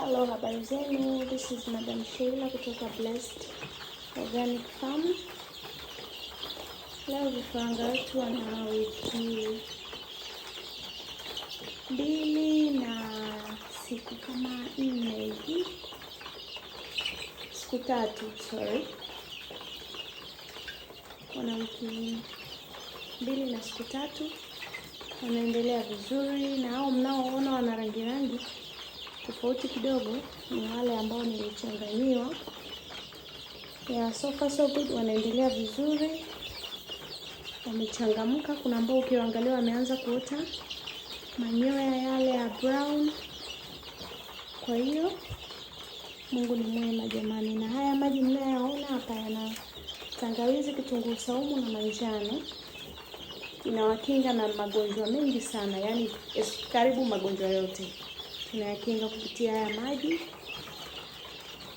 Hello, habari zenu. This is Madam Sheila kutoka Blessed Organic Farm. Leo vifaranga wetu wana wiki mbili na siku kama nne hivi, siku tatu, sorry, wana wiki mbili na siku tatu, wanaendelea vizuri, na hao mnaoona wana rangi rangi Tofauti kidogo ni wale ambao nilichanganyiwa. Yeah, so far so good, wanaendelea vizuri, wamechangamka. Kuna ambao ukiwaangalia wameanza kuota manyoya yale ya brown. Kwa hiyo Mungu ni mwema jamani, na haya maji mnayoona hapa yana tangawizi, kitunguu saumu na manjano inawakinga na magonjwa mengi sana, yaani karibu magonjwa yote tunayakinga kupitia haya maji.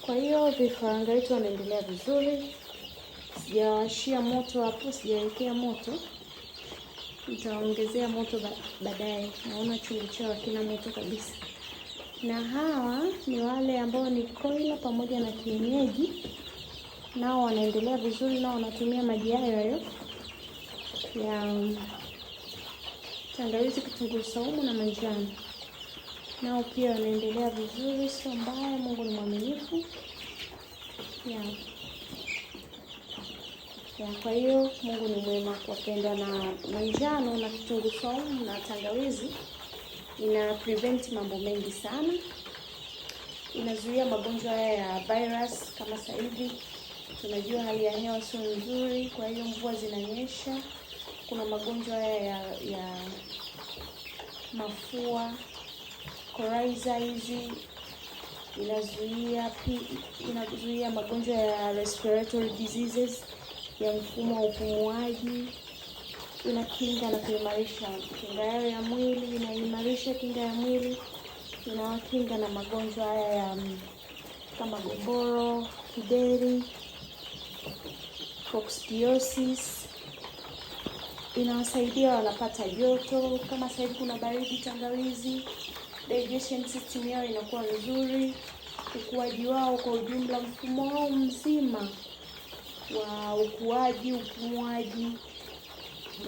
Kwa hiyo vifaranga wetu wanaendelea vizuri, sijawashia moto hapo, sijawekea moto, nitaongezea moto baadaye. Naona chungu chao kina moto kabisa, na hawa ni wale ambao ni koila pamoja na kienyeji, nao wanaendelea vizuri, nao wanatumia maji hayo hayo ya tangawizi, kitunguu saumu na manjano nao pia wanaendelea vizuri, sio mbaya. Mungu ni mwaminifu ya ya. kwa hiyo Mungu ni mwema. Wapendwa, na manjano na kitunguu saumu na tangawizi ina prevent mambo mengi sana, inazuia magonjwa haya ya virus. Kama sasa hivi tunajua hali ya hewa sio nzuri, kwa hiyo mvua zinanyesha, kuna magonjwa haya ya, ya mafua Coriza hizi inazuia inazuia magonjwa ya respiratory diseases ya mfumo wa upumuaji, inakinga na kuimarisha kinga yao ya mwili, inaimarisha kinga ya mwili, inawakinga na magonjwa haya ya mm, kama gomboro, kideri, coccidiosis. Inawasaidia wanapata joto, kama sasa hivi kuna baridi, tangawizi digestion system yao inakuwa nzuri, ukuaji wao kwa ujumla, mfumo wao mzima wa ukuaji, upumuaji,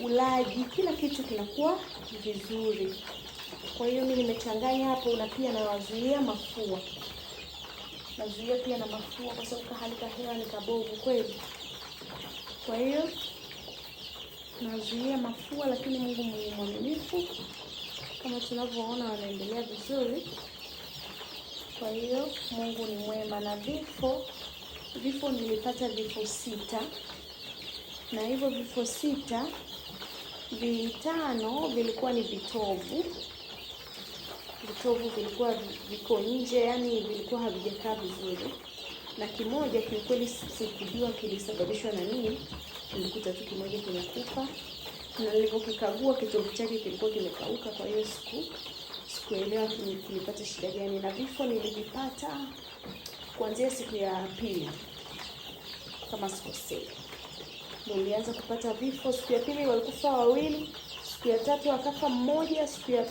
ulaji, kila kitu kinakuwa vizuri. Kwa hiyo mimi nimechanganya hapo, na pia nawazuia mafua, nazuia pia na mafua, kwa sababu hali ya hewa ni kabovu kweli. Kwa hiyo nazuia mafua, lakini Mungu mwaminifu kama tunavyoona wanaendelea vizuri. Kwa hiyo Mungu ni mwema. Na vifo vifo, nilipata vifo sita, na hivyo vifo sita vitano vilikuwa ni vitovu vitovu vilikuwa viko nje, yani vilikuwa havijakaa vizuri, na kimoja kiukweli sikujua kilisababishwa na nini. Nilikuta tu kimoja kimekufa na nilipokikagua kitovu chake kilikuwa kimekauka, kwa hiyo siku sikuelewa kilipata shida gani, na vifo nilivipata kuanzia siku ya pili kama sikosei. Nilianza kupata vifo siku ya pili, walikufa wawili, siku ya tatu wakafa mmoja, siku ya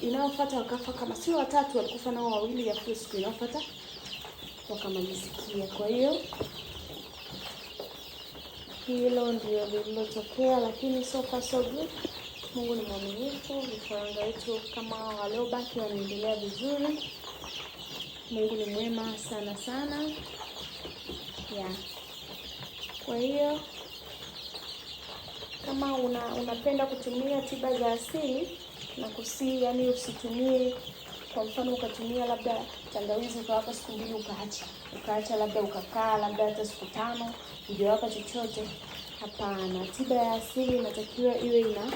inayofuata wakafa kama sio watatu, walikufa nao wawili, ya siku inayofuata wakamalizikia, kwa hiyo hilo ndio lililotokea, lakini so far so good. Mungu ni mwaminifu. Vifaranga wetu kama waliobaki wanaendelea vizuri. Mungu ni mwema sana sana, yeah. Kwa hiyo kama una- unapenda kutumia tiba za asili na kusii, yani usitumie kwa mfano ukatumia labda tangawizi ukawapa siku mbili ukaacha, ukaacha labda ukakaa labda hata siku tano ujawapa chochote, hapana. Tiba ya asili inatakiwa iwe ina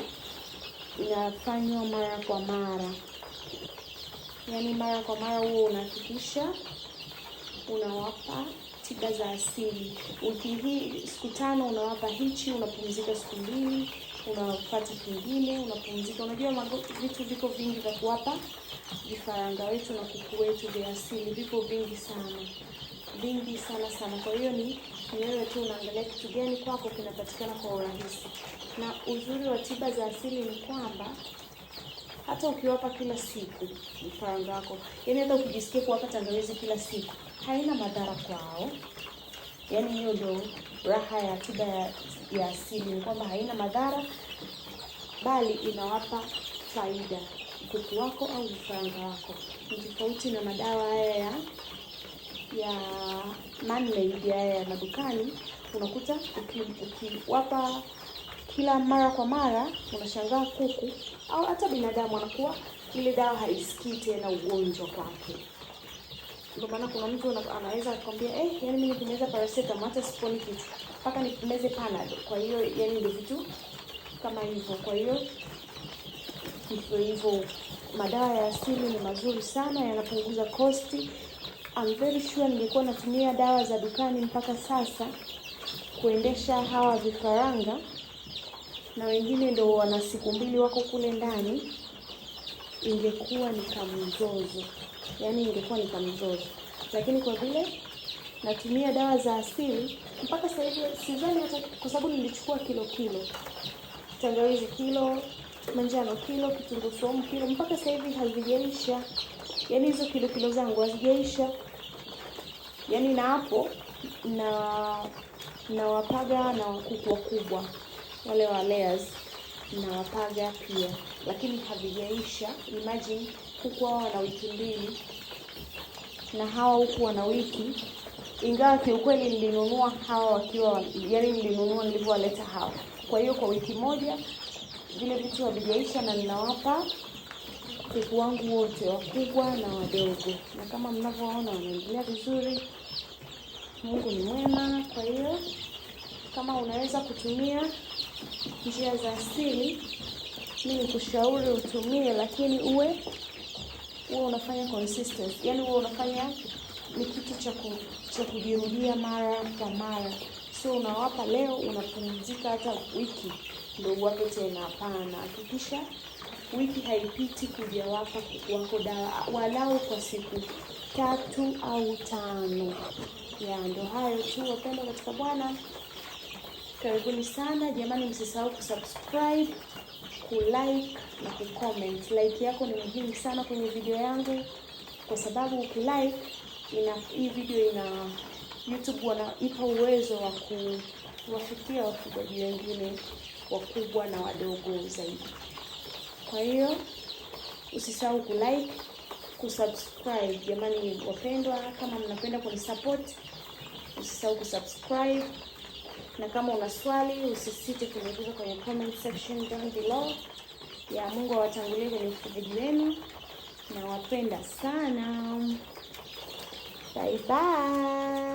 inafanywa mara kwa mara, yaani mara kwa mara huo unahakikisha unawapa tiba za asili. Wiki hii siku tano unawapa hichi, unapumzika siku mbili unapata kingine, unapumzika. Unajua vitu viko vingi vya kuwapa vifaranga wetu na kuku wetu vya asili, viko vingi sana, vingi sana sana. Kwa hiyo ni ni wewe tu unaangalia kitu gani kwako kinapatikana kwa urahisi. Na uzuri wa tiba za asili ni kwamba hata ukiwapa kila siku vifaranga wako, yaani hata ukijisikia kuwapa tangawizi kila siku haina madhara kwao. Yaani hiyo ndio raha ya tiba ya, ya asili, ni kwamba haina madhara bali inawapa faida kuku wako au vifaranga wako. Ni tofauti na madawa haya ya ya manmade haya ya madukani, unakuta ukiwapa uki, kila mara kwa mara unashangaa kuku au hata binadamu anakuwa ile dawa haisikii tena ugonjwa kwake. Ndio maana kuna mtu anaweza akwambia eh, yani mimi nikimeza paracetamol hata siponi kitu mpaka nikimeze pana Kwa hiyo yani ndio vitu kama hivyo. Kwa hiyo hivyo hivyo, madawa ya asili ni mazuri sana, yanapunguza kosti. I'm very sure ningekuwa natumia dawa za dukani mpaka sasa kuendesha hawa vifaranga, na wengine ndio wana siku mbili wako kule ndani, ingekuwa ni kamzozo yaani ingekuwa ni kamzozi lakini kwa vile natumia dawa za asili mpaka sasa hivi sidhani hata, kwa sababu nilichukua kilo kilo, tangawizi kilo, manjano kilo, kitunguu saumu kilo, mpaka sasa hivi hazijaisha. Yaani hizo kilo kilo zangu hazijaisha, yaani na hapo na nawapaga na wakuku wakubwa wale wa layers nawapaga pia, lakini havijaisha. Imagine huku hawa wana wiki mbili na hawa huku wana wiki, ingawa kiukweli nilinunua hawa wakiwa, yani nilinunua nilivyowaleta hawa. Kwa hiyo kwa wiki moja vile vitu havijaisha, na ninawapa kuku wangu wote wakubwa na wadogo, na kama mnavyoona wanaendelea vizuri. Mungu ni mwema. Kwa hiyo kama unaweza kutumia njia za asili, mimi nikushauri utumie, lakini uwe huwa unafanya consistency, yani huwa unafanya ni kitu cha kujirudia mara kwa mara, so unawapa leo unapumzika hata wiki ndio wape tena. Hapana, hakikisha wiki haipiti kujawapa kuku wako dawa walau kwa siku tatu au tano. Ya ndio hayo tu, wapendwa katika Bwana, karibuni sana jamani, msisahau kusubscribe kulike na kucomment. Like yako ni muhimu sana kwenye video yangu, kwa sababu ukilike ina hii video ina YouTube wanaipa uwezo wa kuwafikia wafugaji wengine wakubwa na wadogo zaidi. Kwa hiyo usisahau kulike, kusubscribe. Jamani wapendwa, kama mnapenda kunisupport, usisahau kusubscribe na kama una swali usisite kuliuliza kwenye comment section down below. Ya Mungu awatangulie kwenye ufugaji wenu, nawapenda sana. Bye bye.